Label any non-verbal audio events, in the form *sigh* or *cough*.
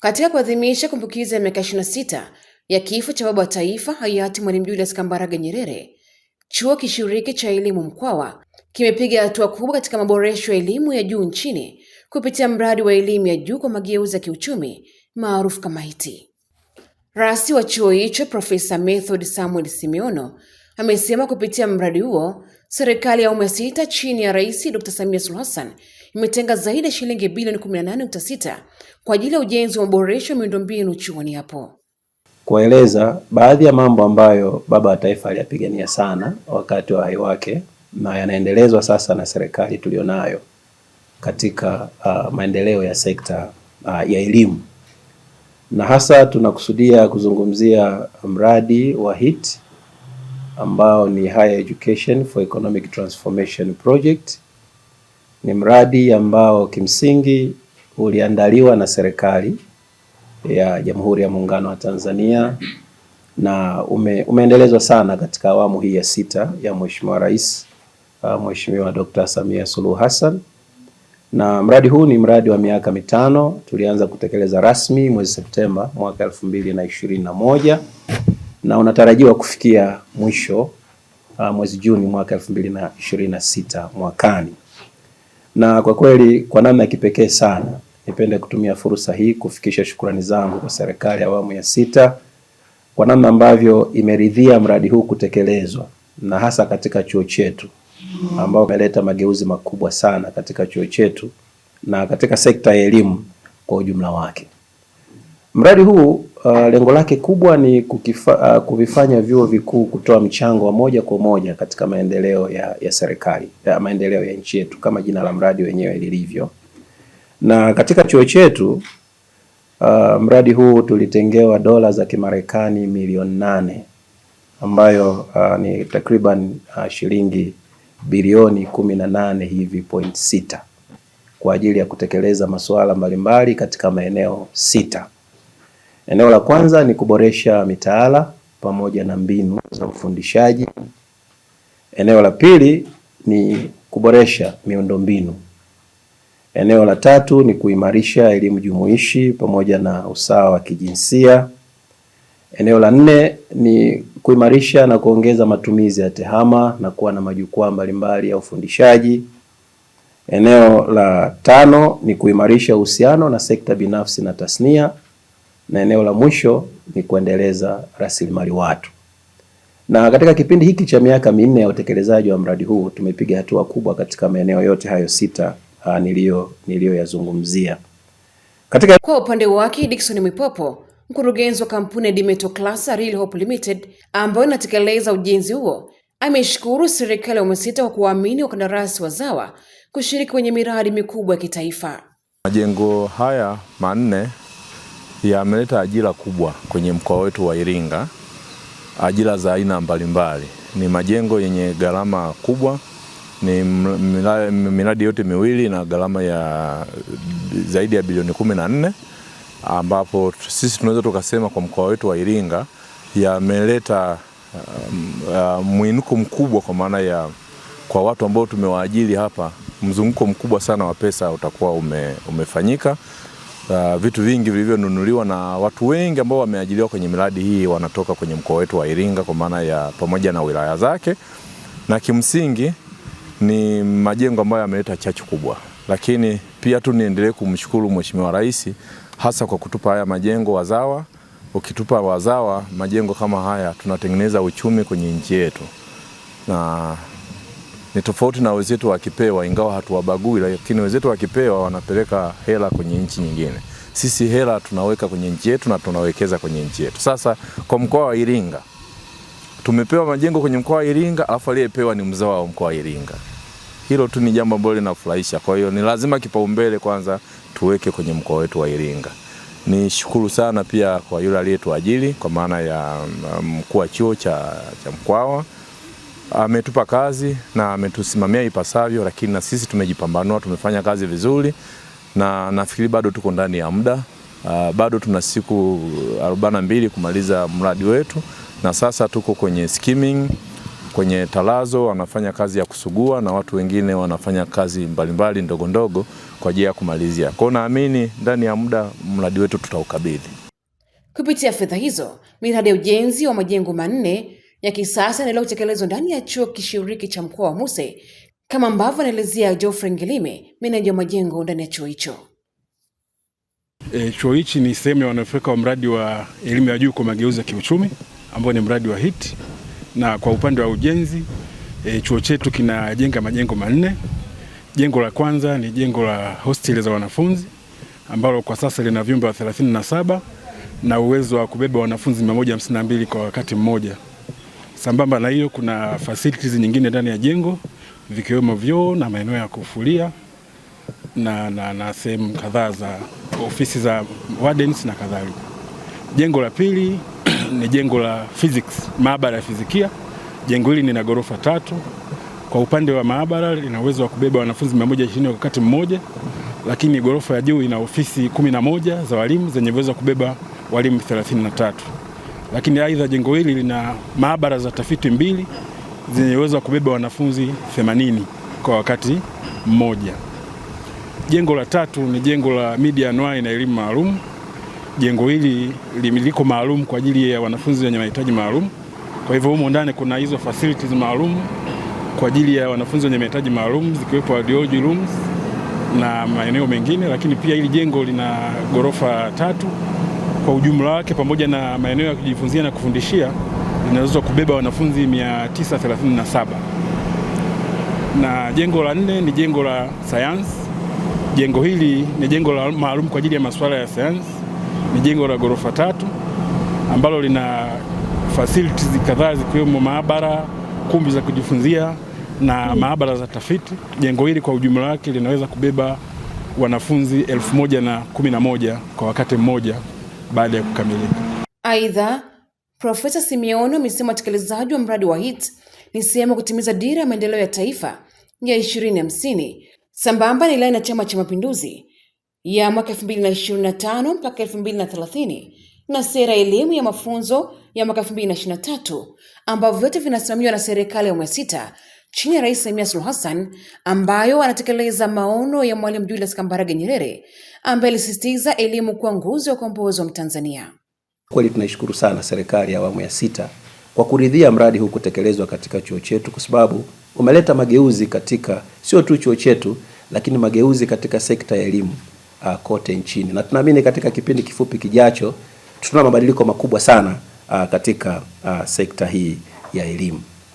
Katika kuadhimisha kumbukizi ya miaka 26 ya kifo cha baba wa taifa hayati Mwalimu Julius Kambarage Nyerere, Chuo Kishiriki cha Elimu Mkwawa kimepiga hatua kubwa katika maboresho ya elimu ya juu nchini kupitia mradi wa elimu ya juu kwa mageuzi ya kiuchumi maarufu kama HEET. Rasi wa chuo hicho Profesa Method Samuel Simeono amesema kupitia mradi huo serikali ya awamu ya sita chini ya Rais Dr. Samia sulu Hassan imetenga zaidi ya shilingi bilioni 18.6 kwa ajili ya ujenzi wa maboresho ya miundombinu chuoni hapo. Kueleza baadhi ya mambo ambayo baba wa taifa aliyapigania sana wakati wa hai wake na yanaendelezwa sasa na serikali tuliyonayo katika uh, maendeleo ya sekta uh, ya elimu na hasa tunakusudia kuzungumzia mradi wa HEET ambao ni Higher Education for Economic Transformation Project ni mradi ambao kimsingi uliandaliwa na serikali ya Jamhuri ya Muungano wa Tanzania na ume, umeendelezwa sana katika awamu hii ya sita ya Mheshimiwa Rais uh, Mheshimiwa Dr. Samia Suluhu Hassan, na mradi huu ni mradi wa miaka mitano. Tulianza kutekeleza rasmi mwezi Septemba mwaka elfu mbili na ishirini na moja na unatarajiwa kufikia mwisho uh, mwezi Juni mwaka elfu mbili na ishirini na sita mwakani na kwa kweli kwa namna ya kipekee sana nipende kutumia fursa hii kufikisha shukrani zangu kwa serikali ya awamu ya sita kwa namna ambavyo imeridhia mradi huu kutekelezwa na hasa katika chuo chetu ambao umeleta mageuzi makubwa sana katika chuo chetu na katika sekta ya elimu kwa ujumla wake. Mradi huu uh, lengo lake kubwa ni kukifa, uh, kuvifanya vyuo vikuu kutoa mchango wa moja kwa moja katika maendeleo ya, ya serikali ya maendeleo ya nchi yetu kama jina la mradi wenyewe lilivyo. Na katika chuo chetu uh, mradi huu tulitengewa dola za Kimarekani milioni nane ambayo uh, ni takriban uh, shilingi bilioni kumi na nane hivi point sita kwa ajili ya kutekeleza masuala mbalimbali katika maeneo sita. Eneo la kwanza ni kuboresha mitaala pamoja na mbinu za ufundishaji. Eneo la pili ni kuboresha miundombinu. Eneo la tatu ni kuimarisha elimu jumuishi pamoja na usawa wa kijinsia. Eneo la nne ni kuimarisha na kuongeza matumizi ya TEHAMA na kuwa na majukwaa mbalimbali ya ufundishaji. Eneo la tano ni kuimarisha uhusiano na sekta binafsi na tasnia na eneo la mwisho ni kuendeleza rasilimali watu. Na katika kipindi hiki cha miaka minne ya utekelezaji wa mradi huu tumepiga hatua kubwa katika maeneo yote hayo sita ah, niliyo niliyoyazungumzia. Katika kwa upande wake Dickson Mwipopo mkurugenzi wa kampuni ya Dimeto Class Real Hope Limited ambayo inatekeleza ujenzi huo ameshukuru serikali ya awamu sita kwa kuwaamini wakandarasi wazawa kushiriki kwenye miradi mikubwa ya kitaifa. Majengo haya manne yameleta ajira kubwa kwenye mkoa wetu wa Iringa, ajira za aina mbalimbali. Ni majengo yenye gharama kubwa, ni miradi yote miwili na gharama ya zaidi ya bilioni kumi na nne ambapo sisi tunaweza tukasema kwa mkoa wetu wa Iringa yameleta uh, uh, mwinuko mkubwa kwa maana ya kwa watu ambao tumewaajiri hapa, mzunguko mkubwa sana wa pesa utakuwa ume, umefanyika uh, vitu vingi vilivyonunuliwa na watu wengi ambao wameajiriwa kwenye miradi hii wanatoka kwenye mkoa wetu wa Iringa kwa maana ya pamoja na wilaya zake, na kimsingi ni majengo ambayo yameleta chachu kubwa, lakini pia tu niendelee kumshukuru Mheshimiwa Rais hasa kwa kutupa haya majengo wazawa. Ukitupa wazawa majengo kama haya, tunatengeneza uchumi kwenye nchi yetu na ni tofauti na wenzetu wa Kipewa, ingawa hatuwabagui, lakini wenzetu wa Kipewa wanapeleka hela kwenye nchi nyingine. Sisi hela tunaweka kwenye nchi yetu na tunawekeza kwenye nchi yetu. Sasa kwa mkoa wa Iringa tumepewa majengo kwenye mkoa wa Iringa, alafu aliyepewa ni mzao wa mkoa wa Iringa. Hilo tu ni jambo ambalo linafurahisha. Kwa hiyo ni lazima kipaumbele kwanza tuweke kwenye mkoa wetu wa Iringa. Ni shukuru sana pia kwa yule aliyetuajiri kwa maana ya um, mkuu wa chuo cha, cha Mkwawa ametupa kazi na ametusimamia ipasavyo, lakini na sisi tumejipambanua, tumefanya kazi vizuri, na nafikiri bado tuko ndani ya muda. Ah, bado tuna siku 42 kumaliza mradi wetu, na sasa tuko kwenye skimming, kwenye talazo wanafanya kazi ya kusugua na watu wengine wanafanya kazi mbalimbali ndogo ndogo kwa ajili ya kumalizia. Kwa hiyo naamini ndani ya muda mradi wetu tutaukabidhi. Kupitia fedha hizo, miradi ya ujenzi wa majengo manne ya kisasa inaendelea kutekelezwa ndani ya chuo kishiriki cha mkoa wa Muse kama ambavyo anaelezea Geoffrey Ngilime, meneja wa majengo ndani ya chuo hicho. E, chuo hichi ni sehemu ya wanufaika wa mradi wa elimu ya juu kwa mageuzi ya kiuchumi ambao ni mradi wa HIT, na kwa upande wa ujenzi e, chuo chetu kinajenga majengo manne. Jengo la kwanza ni jengo la hosteli za wanafunzi ambalo kwa sasa lina vyumba 37 na uwezo wa kubeba wanafunzi 152 kwa wakati mmoja. Sambamba na hiyo, kuna facilities nyingine ndani ya jengo vikiwemo vyoo na maeneo ya kufulia na, na, na sehemu kadhaa za ofisi za wardens na kadhalika. Jengo la pili *clears throat* ni jengo la physics, maabara ya fizikia. Jengo hili lina ghorofa tatu. Kwa upande wa maabara lina uwezo wa kubeba wanafunzi 120 kwa wakati mmoja, lakini ghorofa ya juu ina ofisi 11 za walimu zenye uwezo wa kubeba walimu 33. Lakini aidha jengo hili lina maabara za tafiti mbili zenye uwezo wa kubeba wanafunzi 80 kwa wakati mmoja. Jengo la tatu ni jengo la media anwai na elimu maalum. Jengo hili liko maalum kwa ajili ya wanafunzi wenye mahitaji maalum. Kwa hivyo humo ndani kuna hizo facilities maalum kwa ajili ya wanafunzi wenye mahitaji maalum zikiwepo audiology rooms na maeneo mengine, lakini pia hili jengo lina ghorofa tatu kwa ujumla wake pamoja na maeneo ya kujifunzia na kufundishia linaweza kubeba wanafunzi 937 na jengo la nne ni jengo la sayansi. Jengo hili ni jengo la maalum kwa ajili ya masuala ya sayansi. Ni jengo la ghorofa tatu ambalo lina facilities kadhaa zikiwemo maabara, kumbi za kujifunzia na maabara za tafiti. Jengo hili kwa ujumla wake linaweza kubeba wanafunzi 1011 kwa wakati mmoja baada ya kukamilika. Aidha, Profesa Simeoni amesema utekelezaji wa mradi wa hit ni sehemu ya kutimiza dira ya maendeleo ya taifa ya ishirini hamsini sambamba na ilani ya Chama cha Mapinduzi ya mwaka elfu mbili na ishirini na tano mpaka elfu mbili na thelathini na sera ya elimu ya mafunzo ya mwaka elfu mbili na ishirini na tatu ambavyo vyote vinasimamiwa na serikali ya awamu ya sita chini ya Rais Samia Suluhu Hassan ambayo anatekeleza maono ya Mwalimu Julius Kambarage Nyerere ambaye alisisitiza elimu kuwa nguzo ya ukombozi wa Mtanzania. Kweli tunaishukuru sana serikali ya awamu ya sita kwa kuridhia mradi huu kutekelezwa katika chuo chetu, kwa sababu umeleta mageuzi katika sio tu chuo chetu, lakini mageuzi katika sekta ya elimu uh, kote nchini, na tunaamini katika kipindi kifupi kijacho tutaona mabadiliko makubwa sana uh, katika uh, sekta hii ya elimu.